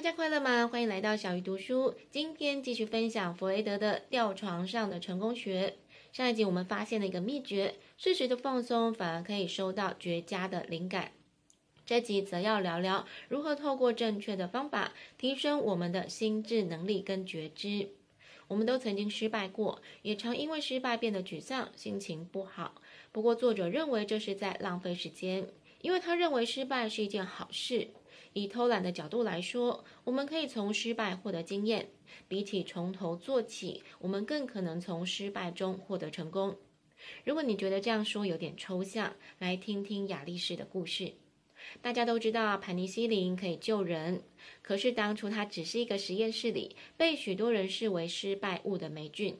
大家快樂嗎？歡迎來到小魚讀書。今天繼續分享弗雷德的《吊床上的成功學》。上一集我們發現了一個祕訣：適時的放鬆反而可以收到絕佳的靈感。這集則要聊聊如何透過正確的方法提升我們的心智能力跟覺知。我們都曾經失敗過，也常因為失敗變得沮喪、心情不好。不過作者認為這是在浪費時間，因為他認為失敗是一件好事。以偷懶的角度來說，我們可以從失敗獲得經驗，比起從頭做起，我們更可能從失敗中獲得成功。如果你覺得這樣說有點抽象，來聽聽亞歷士的故事。大家都知道，盤尼西林可以救人，可是當初它只是一個實驗室裡被許多人視為失敗物的霉菌。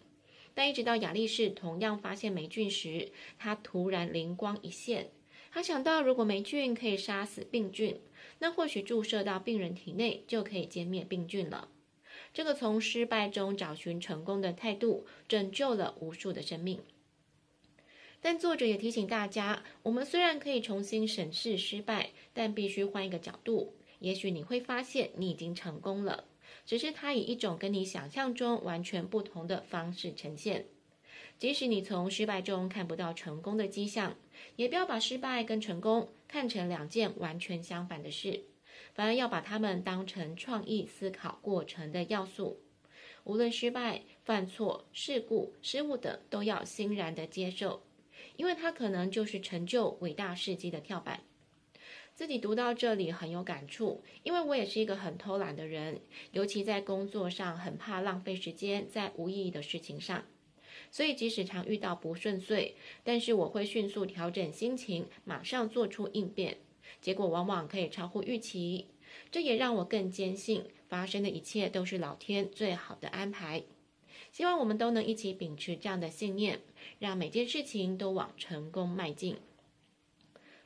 但一直到亞歷士同樣發現霉菌時，他突然靈光一現。他想到，如果黴菌可以殺死病菌，那或許注射到病人體內就可以殲滅病菌了。這個從失敗中找尋成功的態度，拯救了無數的生命。但作者也提醒大家，我們雖然可以重新審視失敗，但必須換一個角度。也許你會發現，你已經成功了，只是它以一種跟你想象中完全不同的方式呈現。即使你從失敗中看不到成功的跡象，也不要把失敗跟成功看成兩件完全相反的事，反而要把它們當成創意思考過程的要素。無論失敗、犯錯、事故、失誤等，都要欣然地接受，因為它可能就是成就偉大事蹟的跳板。自己讀到這裡很有感觸，因為我也是一個很偷懶的人，尤其在工作上很怕浪費時間在無意義的事情上。所以，即使常遇到不順遂，但是我會迅速調整心情，馬上做出應變，結果往往可以超乎預期。這也讓我更堅信，發生的一切都是老天最好的安排。希望我們都能一起秉持這樣的信念，讓每件事情都往成功邁進。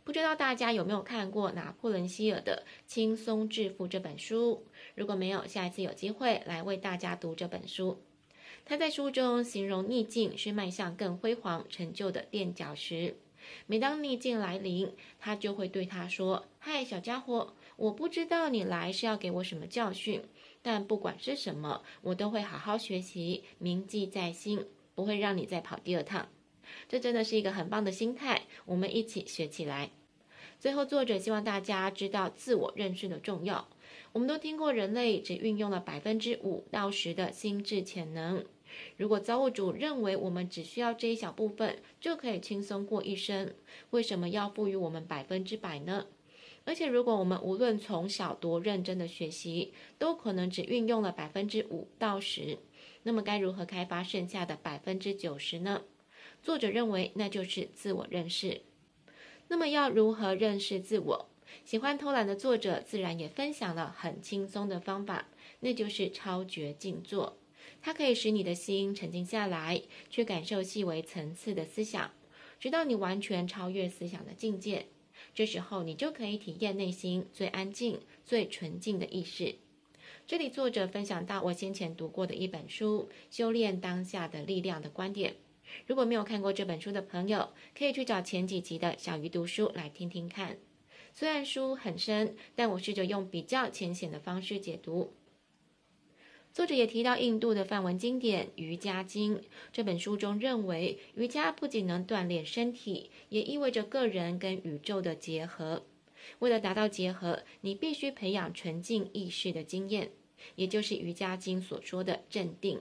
不知道大家有沒有看過拿破崙·希爾的《輕鬆致富》這本書？如果沒有，下一次有機會來為大家讀這本書。他在書中形容逆境是邁向更輝煌成就的墊腳石。每當逆境來臨，他就會對他說：“嗨，小家伙，我不知道你來是要給我什麼教訓，但不管是什麼，我都會好好學習，銘記在心，不會讓你再跑第二趟。”這真的是一個很棒的心態，我們一起學起來。最後，作者希望大家知道自我認識的重要。我們都聽過人類只運用了百分之五到十的心智潛能。如果造物主認為我們只需要這一小部分就可以輕鬆過一生，為什麼要賦予我們百分之百呢？而且如果我們無論從小多認真的學習，都可能只運用了百分之五到十，那麼該如何開發剩下的百分之九十呢？作者認為那就是自我認識。那麼要如何認識自我？喜歡偷懶的作者自然也分享了很輕鬆的方法，那就是超覺靜坐。它可以使你的心沉靜下來，去感受細微層次的思想，直到你完全超越思想的境界。這時候，你就可以體驗內心最安靜、最純淨的意識。這裡作者分享到我先前讀過的一本書《修煉當下的力量》的觀點。如果沒有看過這本書的朋友，可以去找前幾集的小魚讀書來聽聽看。雖然書很深，但我試着用比較淺顯的方式解讀。作者也提到，印度的梵文經典《瑜伽經》這本書中認為，瑜伽不僅能鍛鍊身體，也意味着個人跟宇宙的結合。為了達到結合，你必須培養純淨意識的經驗，也就是《瑜伽經》所說的鎮定。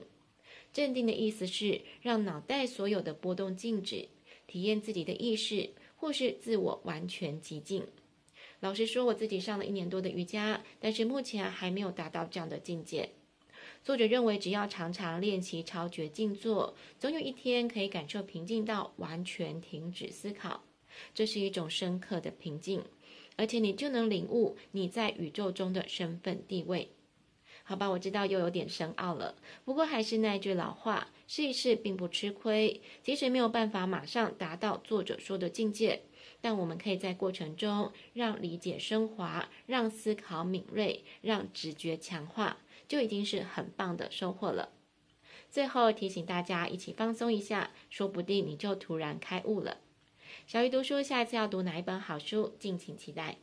鎮定的意思是讓腦袋所有的波動靜止，體驗自己的意識或是自我完全寂靜。老實說，我自己上了一年多的瑜伽，但是目前還沒有達到這樣的境界。作者認為，只要常常練習超覺靜坐，總有一天可以感受平靜到完全停止思考。這是一種深刻的平靜，而且你就能領悟你在宇宙中的身份地位。好吧，我知道又有點深奧了。不過還是那句老話，試一試並不吃虧。即使沒有辦法馬上達到作者說的境界，但我們可以在過程中讓理解升華，讓思考敏銳，讓直覺強化。就已經是很棒的收穫了。最後提醒大家一起放鬆一下，說不定你就突然開悟了。小魚讀書，下一次要讀哪一本好書，敬請期待。